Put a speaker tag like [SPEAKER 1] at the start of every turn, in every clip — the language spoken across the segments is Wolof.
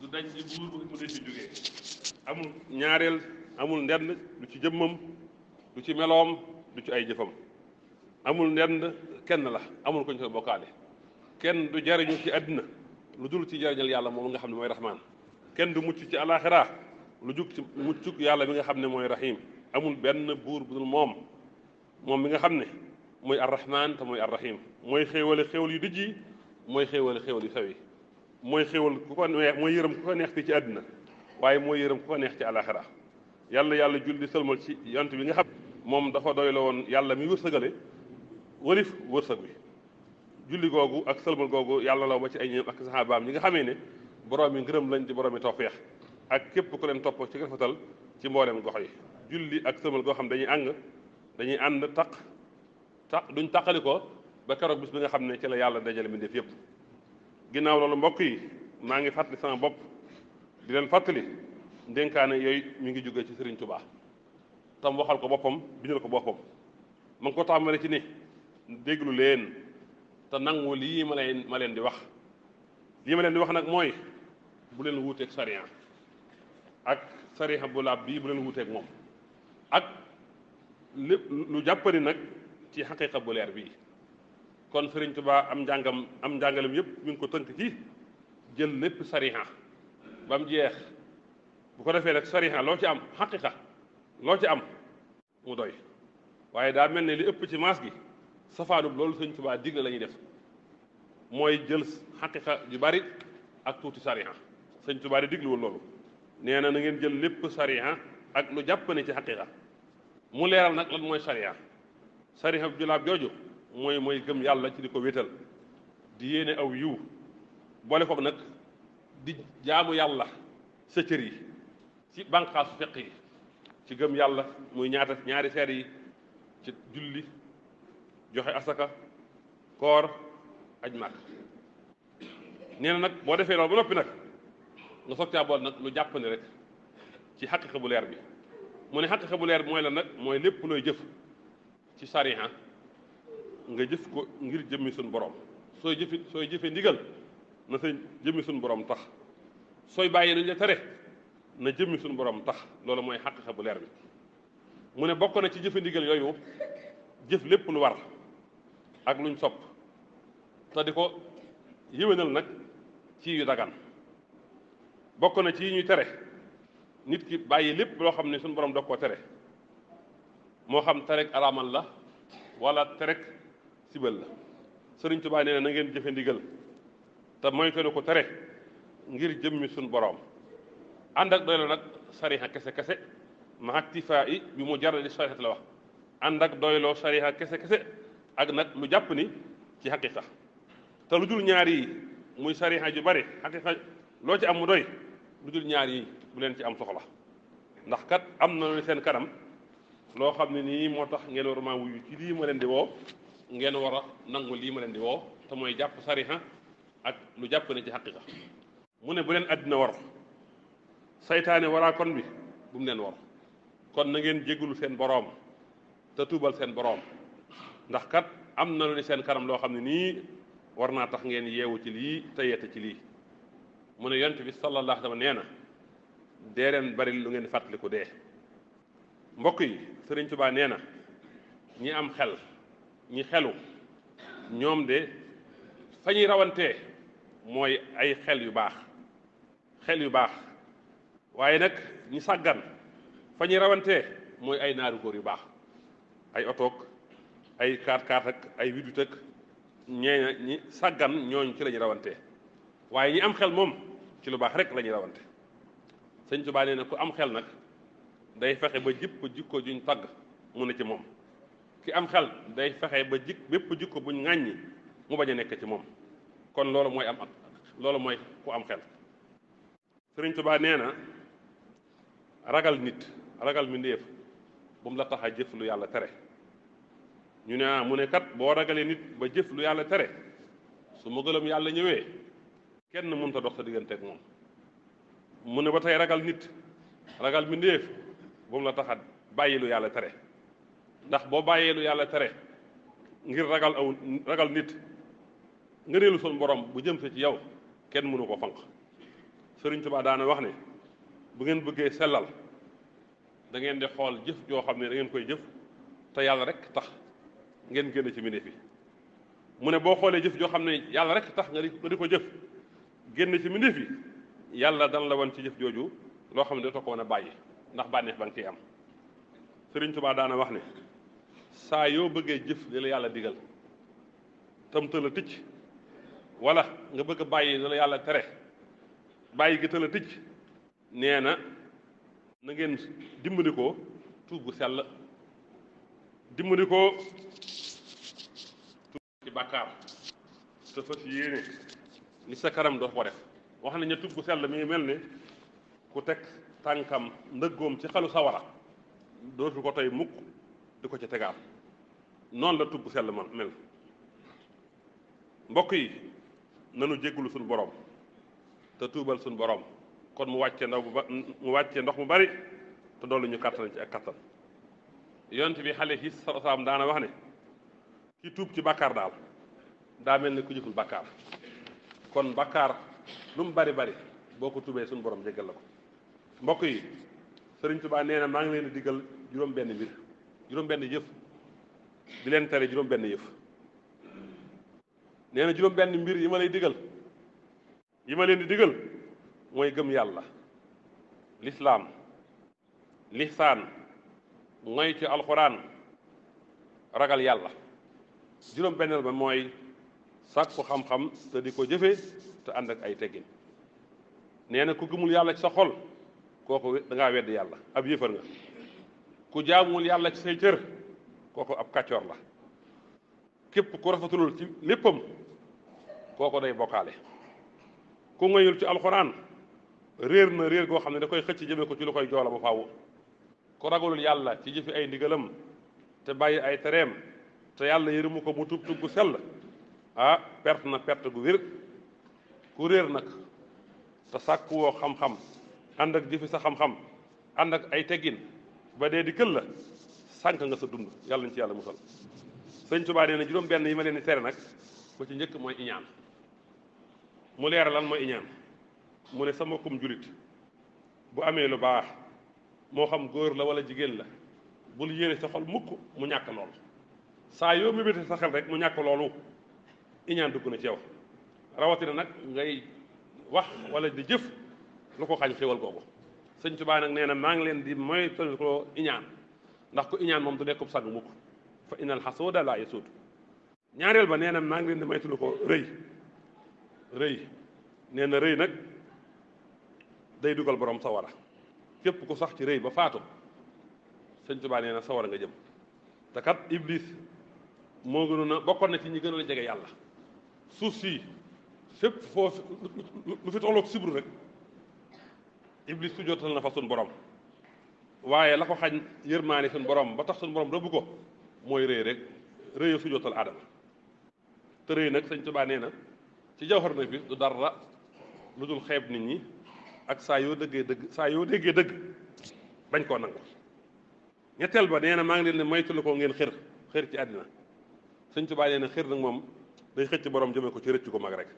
[SPEAKER 1] du daj ci buur bu ñaareel amul ndend du ci jëmmam du ci meloom du ci ay jëfam amul ndend kenn la amul ko ñu bokkaale kenn du jariñu ci àddina lu dul ci jariñal yàlla moom nga xam ne mooy rahmaan kenn du mucc ci alaxira lu jug ci muccug yàlla mi nga xam ne mooy rahim amul benn buur bu dul moom moom mi nga xam ne mooy arrahman te mooy arrahim mooy xéewale xéewal yu dijji mooy xéewale xéewal yu sew yi mooy xéwal ku ko neex mooy yërëm ku ko neex fii ci àddina waaye mooy yërëm ku ko neex ci alaxira yàlla yàlla julli sëlmal ci yont bi nga xam moom dafa doy la yàlla mi wërsëgale wërif wërsëg wi julli googu ak sëlmal googu yàlla law ba ci ay ñoom ak saxaabaam ñi nga xamee ne borom yi ngërëm lañ ci borom yi tawfeex ak képp ku leen topp ci rafetal ci mboolem gox yi julli ak sëlmal goo xam dañuy ànd dañuy ànd taq taq duñ taqali ko ba keroog bis bi nga xam ci la yàlla dajale mi def yëpp ginnaaw loolu mbokk yi maa ngi fàttali sama bopp di leen fàttali ndénkaane yooyu mi ngi jógee ci Serigne Touba tam waxal ko boppam bindal ko boppam ma ngi ko tàmbalee ci ni déglu leen te nangu lii ma leen ma leen di wax lii ma leen di wax nag mooy bu leen wuuteeg sariya ak sariya bu laab bii bu leen wuuteeg moom ak lépp lu jàppani nag ci xaqiqa bu leer bii kon Sëriñ Tuubaa am njàngam am njàngalem yëpp mi ngi ko tënk ci jël lépp sariha ba jeex bu ko defee nag sariha loo ci am xaqiqa loo ci am mu doy waaye daa mel ne li ëpp ci maas gi safaanub loolu sëñ Tuubaa digle la lañuy def mooy jël xaqiqa ju bari ak tuuti sariha sëñ Tuubaa di digluwul loolu nee na na ngeen jël lépp sariha ak lu jàpp ne ci xaqiqa mu leeral nag lan mooy sariha sariha bu julaab jooju moy moy gëm yàlla ci diko wétal di yéne aw yu bolé koog nak di jaamu yàlla sa cër yi ci bànqaasu feq yi ci gëm yàlla moy ñaata ñaari seer yi ci julli joxe asaka koor aj màkk nee na nag boo defee loolu ba noppi nag nga soog caa bool nag lu jàppandi rek ci haqiqa bu leer bi mu ne xaqiqa bu leer moy la nak moy lépp loy jëf ci sariha nga jëf ko ngir jëmmi suñu borom sooy jëfi sooy jëfe ndigal na sa jëmmi suñu borom tax sooy bàyyi nañ la tere na jëmmi suñu borom tax loolu mooy xaqiqa bu leer bi mu ne bokk na ci jëfe ndigal yooyu jëf lépp lu war ak luñ sopp te di ko yéwénal nag ci yu dagan bokk na ci yi ñuy tere nit ki bàyyi lépp loo xam ne suñu borom dog koo tere moo xam terek alaamal la wala terek sibal la sëriñ tubaa nee na na ngeen jëfe ndigal te mooy ko ko tere ngir jëmmi suñ boroom ànd ak doylu nag sariha kese kese ma actifa yi bi mu jaradi sarihat la wax ànd ak doyloo sariha kese kese ak nag lu jàpp ni ci xaqiqa te lu dul ñaar yi muy sariha ju bari xaqiqa loo ci am mu doy lu jul ñaar yi bu leen ci am soxla ndax kat am na lu seen kanam loo xam ne nii moo tax ngeen war maa ci lii ma leen di woo ngeen war a nangu lii ma leen di woo te mooy jàpp sariha ak lu jàpp ne ci xaqiqa mu ne bu leen àddina war seytaane waraa kon bi bu mu leen war kon na ngeen jégalu seen boroom te tuubal seen boroom ndax kat am na lu ne seen kanam loo xam ne nii war naa tax ngeen yeewu ci lii te ci lii mu ne yonent bi sallallahu alayhi nee na dee leen bari lu ngeen fàttaliku dee mbokk yi Sëriñ Tuubaa nee na ñi am xel ñi xelu ñoom de fa ñuy rawantee mooy ay xel yu baax xel yu baax waaye nag ñi sàggan fa ñuy rawantee mooy ay naaru góor yu baax ay otoog ay kaat-kaat ay widut ak ñi sàggan ñooñ ci la ñuy rawantee waaye ñi am xel moom ci lu baax rek lañuy rawante sëñ Tuubaa nee na ku am xel nag day fexe ba jikko jikko juñ tàgg mu ne ci moom ci am xel day fexe ba jik bépp jikko buñ ŋàññi mu bañ a nekk ci moom kon loolu mooy am ak loolu mooy ku am xel sëriñ Tuubaa nee na ragal nit ragal mbindéef bu la tax a jëf yàlla tere ñu ne ah, mu ne kat boo ragalee nit ba jëf yàlla tere su mbugalam yàlla ñëwee kenn mënut a dox sa diggante moom mu ne ba tey ragal nit ragal mbindéef bu mu la tax a bàyyi lu yàlla tere ndax boo bàyyee lu yàlla tere ngir ragal aw ragal nit nga reelu son borom bu jëm sa ci yow kenn mënu ko fanq sëriñ tubaa daana wax ne bu ngeen bëggee sellal da di xool jëf joo xam ne da koy jëf te yàlla rek tax ngeen génn ci mbindeef yi mu ne boo xoolee jëf joo xam ne yàlla rek tax nga di ko jëf génn ci mindi yi yàlla dan la wan ci jëf jooju loo xam ne da ko mën a bàyyi ndax bànneex ba nga ciy am sëriñ tubaa daana wax ne saa yoo bëggee jëf li la yàlla digal tam tëla ticc wala nga bëgg a bàyyi li la yàlla tere bàyyi gi tëla ticc nee na na ngeen dimbali ko tuub bu sell dimbali ko tuub ci bàkkaar te fas yéene ni sa kanam doo ko def wax nañ ne tuub bu sell mi ngi mel ni ku teg tànkam ndëggoom ci xalu sawara dootu ko tey mukk di ko ca tegaat noonu la tubb sell man mel mbokk yi nanu jéggulu suñ borom te tuubal suñu boroom kon mu wàccee ndaw mu wàccee ndox mu bari te doolu ñu kattan ci ak kattan yonent bi xale yi salaam daana wax ne ki tuub ci bàkkaar daal daa mel ni ku jëful bàkkaar kon bàkkaar lu mu bari bari boo ko tuubee suñ borom jéggal la ko mbokk yi Sëriñ Tuubaa nee na ngi leen diggal juróom benn mbir juróom benn jëf di leen tere juróom benn yëf nee na juróom benn mbir yi ma lay digal yi ma leen di digal mooy gëm yàlla lislaam lihsaan mooy ci alxuraan ragal yàlla juróom benneel ba mooy sàkku xam-xam te di ko jëfe te ànd ak ay teggin nee na ku gëmul yàlla ci sa xol kooku da ngaa wedd yàlla ab yëfar nga ku jaamuwul yàlla ci say cër kooku ab kàccoor la képp ku rafetulul ci léppam kooko day bokkaale ku ngayul ci alxuraan réer na réer goo xam ne da koy xëcc jëme ko ci lu koy joola ba faaw ku ragalul yàlla ci jëfi ay ndigalam te bàyyi ay tereem te yàlla yërëmu ko mu tub tub gu sell ah perte na perte gu wér ku réer nag te sàkkuwoo xam-xam ànd ak jëfi sa xam-xam ànd ak ay teggin ba dee di kël la sànq nga sa dund yàlla nañ ci yàlla musal sëñ Tuubaa nee na juróom benn yi ma leen di tere nag ko ci njëkk mooy iñaan mu leeral lan mooy iñaan mu ne sama kom julit bu amee lu baax moo xam góor la wala jigéen la bul yéene sa xol mukk mu ñàkk lool saa yoo mébéte sa xel rek mu ñàkk loolu iñaan dugg na ci yow rawatina nag ngay wax walla di jëf lu ko xañ xéwal googu sëñ Tuubaa nag nee na maa ngi leen di moytu ko iñaan ndax ku iñaan moom du nekkub sag mukk fa inal xasuuda laa yasuud ñaareel ba nee na maa ngi leen di moytu ko rëy rëy nee na rëy nag day dugal borom sawara képp ko sax ci rëy ba faatu sëñ Tuubaa nee na sawara nga jëm te kat Iblis moo gënoon a bokkoon na ci ñi gënoon a jege yàlla suuf si fépp foo lu fi tolloog sibru rek. iblis su jotal na fa suñ borom waye la ko xagn yermani suñ borom ba tax suñ borom do bu ko moy reey rek reey su jotal adam te reey nak sëñ Tuubaa neena ci jawhar na bi du dara ludul xeb nit ñi ak sa yo deugé deug sa yo deugé deug bañ ko nang ñettel ba neena ma ngi leen ne moytu ko ngeen xir xir ci adina sëñ Tuubaa neena xir nak mom day xëcc borom jëme ko ci rëcc ko mag rek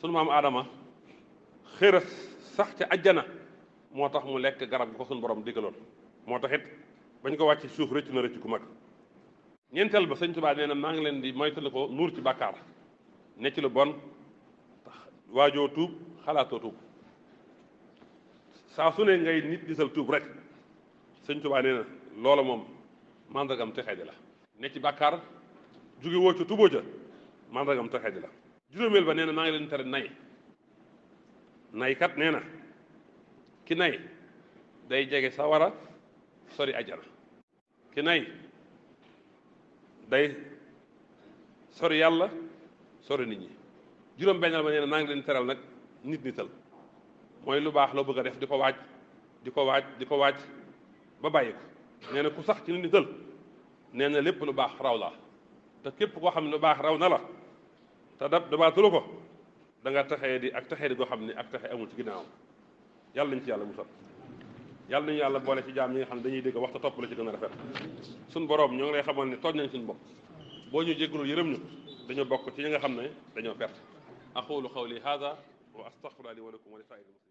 [SPEAKER 1] sun maam adama xëras sax ca ajjana moo tax mu lekk garab gi ko suñu borom digaloon moo tax it bañ ko wàcc suuf rëcc na rëcc ku mag ñeenteel ba sëñ Tuubaa nee na maa ngi leen di moytali ko nuur ci bàkkaar ne ci lu bon tax waajoo tuub xalaatoo tuub saa su ne ngay nit gisal tuub rek sëñ Tuubaa nee na loola moom màndargam texee di la ne ci bàkkaar jóge woo ca tuboo ca màndargam texee di la juróomeel ba nee na maa ngi leen tere nay naykat nee na ki nay day jege sawara sori ajana ki nay day sori yàlla sori nit ñi juróom bennal ma nee na naa ngi leen teral nag nit nital mooy lu baax loo bëgg a def di ko waaj di ko waaj di ko waaj ba bàyyi ko nee na ku sax ci nit nital nee na lépp lu baax raw la te képp koo xam ne lu baax raw na la te dab dabaatulu ko da nga taxee di ak taxee di goo xam ne ak taxe amul ci ginnaawam yàlla nañ ci yàlla musal yàlla nañu yàlla boole ci jaam yi nga xam ne dañuy dégg waxta topp la ci gën a rafet suñ boroom ñoo ngi lay xamal ne tooñ nañ suñu bopp boo ñu jéggalul yërëm ñu dañoo bokk ci ñi nga xam ne dañoo perte aqulu qawli hada wa astaghfiru li wa lakum wa li saa'iril